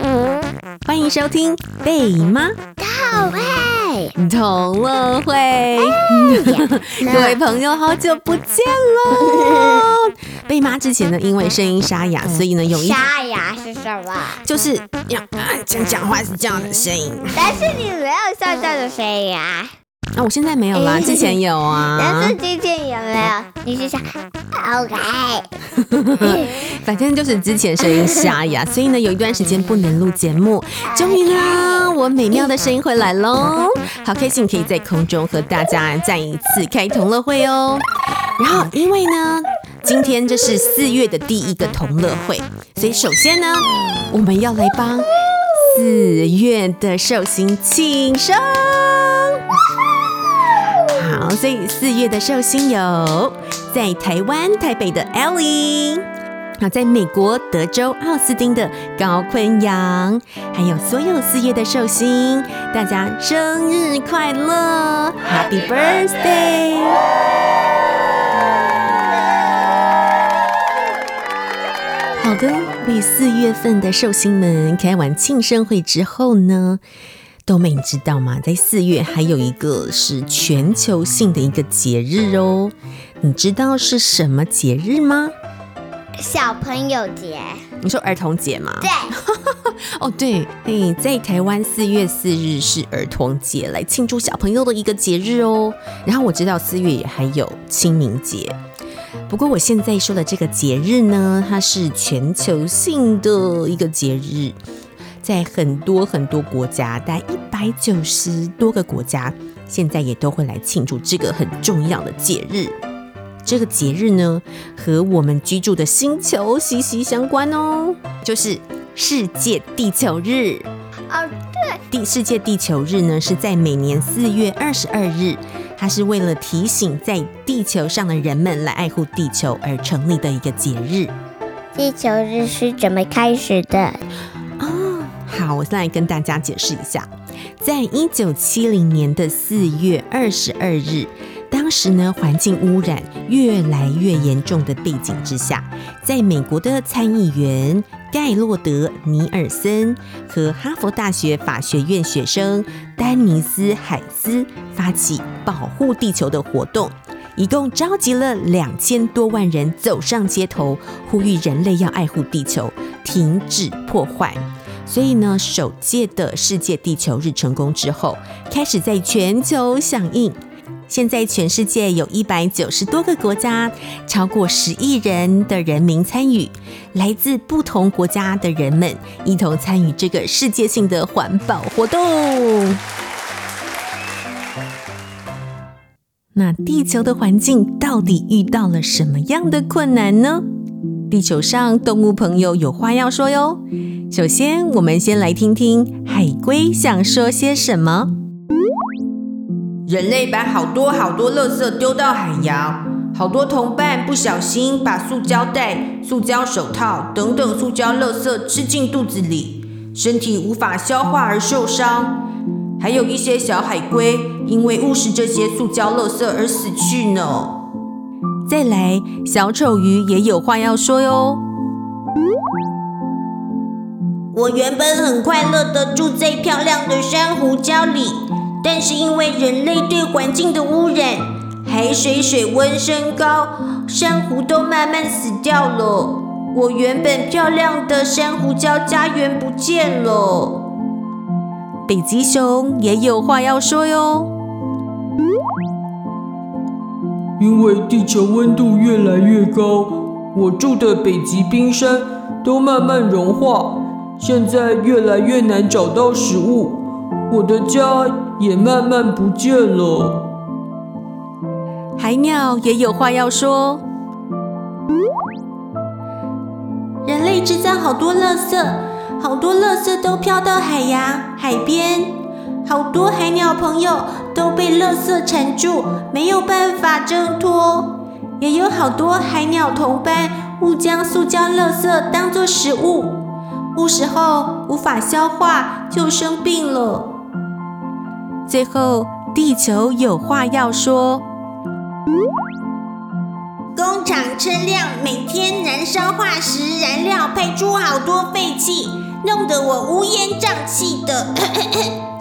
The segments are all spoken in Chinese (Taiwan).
嗯、歡迎收聽貝媽，豆妹童樂會，哎嗯 yeah. 各位朋友好久不見了。 貝媽之前呢，因為聲音沙啞，所以呢，有一點沙啞是什麼？就是講講話是這樣的聲音，但是你沒有像這樣的聲音啊。那、哦、我現在沒有啦、欸。之前有啊，但是之前也沒有。你是啥？OK，反正就是之前聲音沙啞，啊，所以呢，有一段時間不能錄節目。終於呢，我美妙的聲音回來嘍，好開心，可以在空中和大家再一次開同樂會哦。然後因為呢，今天這是四月的第一個同樂會，所以首先呢，我們要來幫四月的壽星慶生。所以四月的壽星有在台灣台北的 Ellie，好，在美國德州奧斯汀的高昆陽，還有所有四月的壽星，大家生日快樂，Happy Birthday！好的，為四月份的壽星們開完慶生會之後呢，豆妹，你知道嗎？在四月還有一個是全球性的一個節日哦。你知道是什麼節日嗎？小朋友節。你說兒童節嗎？對。 哦，對，誒，在台灣四月四日是兒童節，來慶祝小朋友的一個節日哦。然後我知道四月也還有清明節。不過我現在說的這個節日呢，它是全球性的一個節日。在很多很多國家，大概一百九十多個國家，現在也都會來慶祝這個很重要的節日。這個節日呢，和我們居住的星球息息相關哦，就是世界地球日。哦，對。世界地球日呢，是在每年四月二十二日，它是為了提醒在地球上的人們來愛護地球而成立的一個節日。地球日是怎麼開始的？好，我現在跟大家解釋一下，在一九七零年的四月二十二日，當時呢，環境污染越來越嚴重的背景之下，在美國的參議員蓋洛德·尼爾森和哈佛大學法學院學生丹尼斯·海斯發起保護地球的活動，一共召集了兩千多萬人走上街頭，呼籲人類要愛護地球，停止破壞。所以呢，首屆的世界地球日成功之後，開始在全球響應。現在全世界有一百九十多個國家，超過十億人的人民參與，來自不同國家的人們一同參與這個世界性的環保活動。那地球的環境到底遇到了什麼樣的困難呢？地球上動物朋友有話要說喲。首先，我們先來聽聽海龜想說些什麼。人類把好多好多垃圾丟到海洋，好多同伴不小心把塑膠袋、塑膠手套等等塑膠垃圾吃進肚子裡，身體無法消化而受傷；還有一些小海龜因為誤食這些塑膠垃圾而死去呢。再來，小丑魚也有話要說喲。我原本很快樂地住在漂亮的珊瑚礁裡，但是因為人類對環境的污染，海水水溫升高，珊瑚都慢慢死掉了。我原本漂亮的珊瑚礁家園不見了。北極熊也有話要說喲。因為地球溫度越來越高，我住的北極冰山都慢慢融化，現在越來越難找到食物，我的家也慢慢不見了。海鳥也有話要說：人類製造好多垃圾，好多垃圾都飄到海洋、海邊。好多海鳥朋友都被垃圾纏住，沒有辦法掙脫；也有好多海鳥同伴誤將塑膠垃圾當作食物，誤食後無法消化就生病了。最後，地球有話要說：工廠車輛每天燃燒化石燃料，排出好多廢氣，弄得我烏煙瘴氣的。咳咳咳。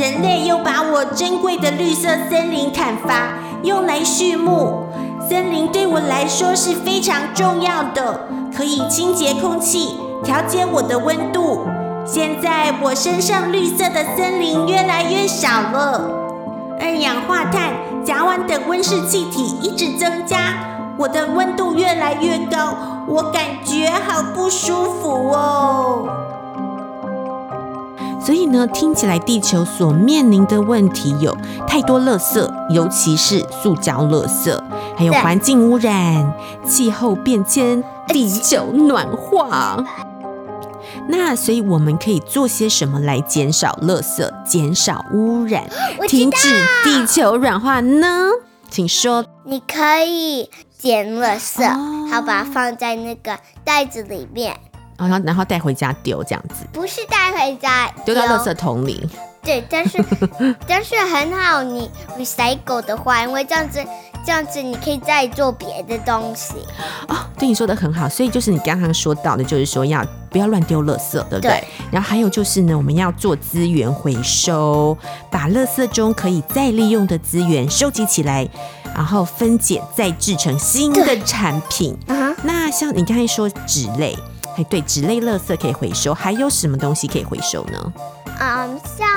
人類又把我珍貴的綠色森林砍伐，用來畜牧。森林對我來說是非常重要的，可以清潔空氣，調節我的溫度。現在我身上綠色的森林越來越少了，二氧化碳、甲烷等溫室氣體一直增加，我的溫度越來越高，我感覺好不舒服哦。所以呢，聽起來地球所面臨的問題有太多垃圾，尤其是塑膠垃圾，還有環境污染、氣候變遷、地球暖化。那所以我們可以做些什麼來減少垃圾、減少污染、停止地球軟化呢？請說。你可以撿垃圾，好，把它放在那個袋子裡面。然後，然後帶回家丟這樣子，不是帶回家丟，丟到垃圾桶裡。對，但是 但是很好你，你 recycle 的話，因為這樣子這樣子你可以再做別的東西。哦，對你說的很好，所以就是你剛剛說到的，就是說要不要亂丟垃圾，對不對，對？然後還有就是呢，我們要做資源回收，把垃圾中可以再利用的資源收集起來，然後分解再製成新的產品。啊哈，那像你剛才說紙類。哎，對，紙類垃圾可以回收，還有什麼東西可以回收呢？嗯，像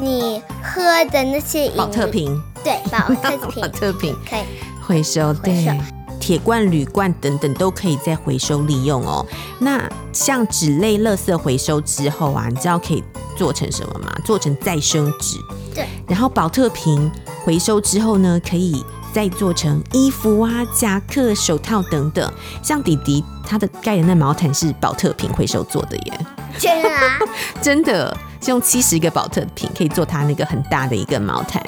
你喝的那些保特瓶，對，保特瓶，保特瓶可以回收，回收。鐵罐、鋁罐等等都可以再回收利用哦。那像紙類垃圾回收之後啊，你知道可以做成什麼嗎？做成再生紙。對，然後保特瓶回收之後呢，可以。再做成衣服啊、夾克、手套等等，像弟弟他的蓋的那毛毯，是寶特瓶回收做的耶！真的嗎？ 真的是用七十個寶特瓶可以做他那個很大的一個毛毯，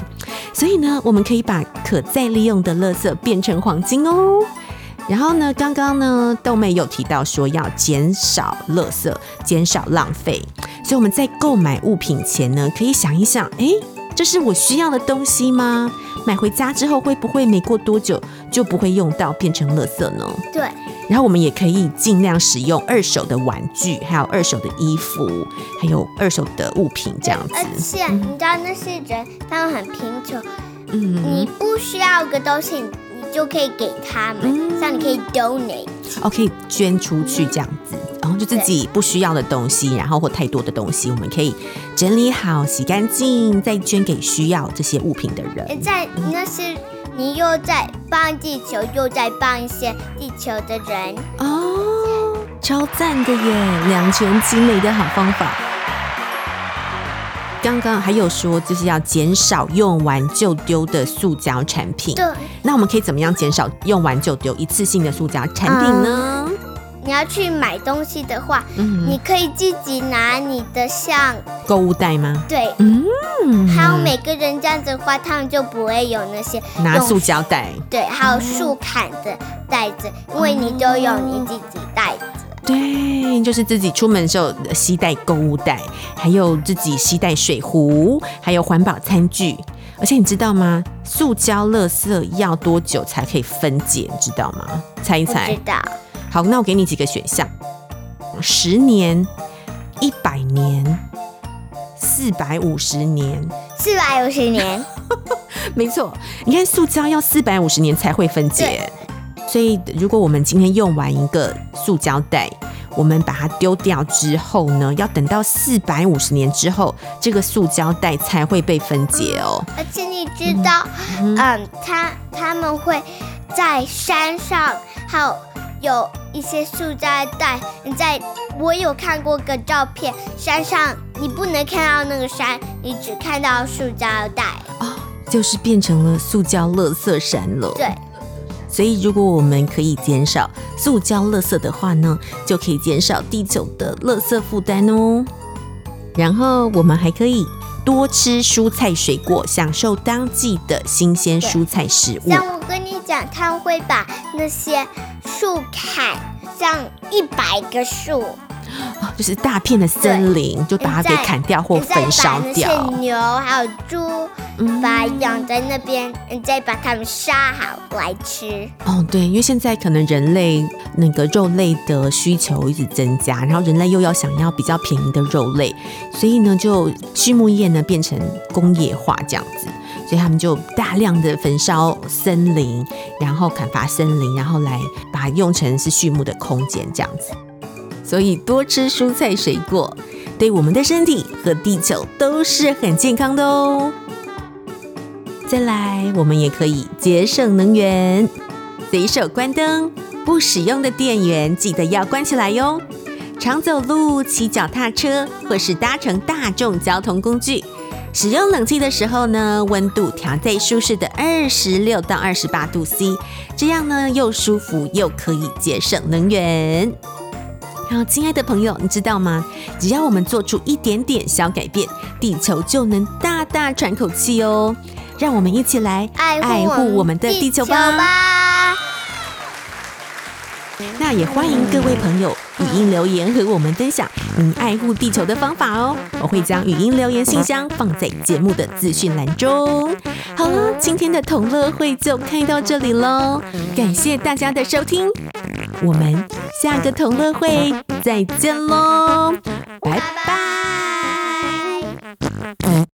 所以呢，我們可以把可再利用的垃圾變成黃金哦、喔。然後呢，剛剛呢豆妹有提到說要減少垃圾、減少浪費，所以我們在購買物品前呢，可以想一想，哎、欸。這是我需要的東西嗎？買回家之後會不會沒過多久就不會用到，變成垃圾呢？對。然後我們也可以盡量使用二手的玩具，還有二手的衣服，還有二手的物品這樣子。對，而且你知道，那些人，嗯、他們很貧窮，嗯，你不需要的東西，你你就可以給他們，嗯，這樣你可以 donate，哦，可、okay, 以捐出去這樣子。嗯就自己不需要的東西，然後或太多的東西，我們可以整理好、洗乾淨，再捐給需要這些物品的人。在你那是你又在幫地球，又在幫一些地球的人哦，超讚的耶！兩全其美的好方法。剛剛還有說就是要減少用完就丟的塑膠產品，對，那我們可以怎麼樣減少用完就丟一次性的塑膠產品呢？你要去買東西的話，你可以自己拿你的像購物袋嗎？對，嗯，還有每個人這樣子的話，他們就不會有那些拿塑膠袋，對，還有塑砍的袋子，因為你都有你自己袋子，對，就是自己出門的時候攜帶購物袋，還有自己攜帶水壺，還有環保餐具。而且你知道嗎？塑膠垃圾要多久才可以分解？你知道嗎？猜一猜，知道。好，那我給你幾個選項：十年、一百年、四百五十年、四百五十年。 沒錯，你看，塑膠要四百五十年才會分解，所以如果我們今天用完一個塑膠袋，我們把它丟掉之後呢，要等到四百五十年之後，這個塑膠袋才會被分解哦、喔嗯。而且你知道，嗯，嗯嗯他他們會在山上還有。有一些塑膠袋，你在我有看過個照片，山上你不能看到那個山，你只看到塑膠袋哦，就是變成了塑膠垃圾山了。對，所以如果我們可以減少塑膠垃圾的話呢，就可以減少地球的垃圾負擔哦。然後我們還可以多吃蔬菜水果，享受當季的新鮮蔬菜食物。那我跟你講，他們會把那些。樹砍，像一百個樹、哦，就是大片的森林，就把它給砍掉或焚燒掉。牛還有豬、嗯，把養在那邊，再把它們殺好來吃。哦，對，因為現在可能人類那個肉類的需求一直增加，然後人類又要想要比較便宜的肉類，所以呢，就畜牧業呢變成工業化這樣子。所以他們就大量的焚燒森林，然後砍伐森林，然後來把它用成是畜牧的空間這樣子。所以多吃蔬菜水果，對我們的身體和地球都是很健康的哦、喔。再來，我們也可以節省能源，隨手關燈，不使用的電源記得要關起來喲。常走路、騎腳踏車，或是搭乘大眾交通工具。使用冷氣的時候呢，溫度調在舒適的二十六到二十八度 C，這樣呢又舒服又可以節省能源。然後，親愛的朋友，你知道嗎？只要我們做出一點點小改變，地球就能大大喘口氣哦、喔！讓我們一起來愛護我們的地球吧。那也歡迎各位朋友語音留言和我們分享你愛護地球的方法哦，我會將語音留言信箱放在節目的資訊欄中。好了，今天的童樂會就開到這裡嘍，感謝大家的收聽，我們下個童樂會再見嘍，拜拜。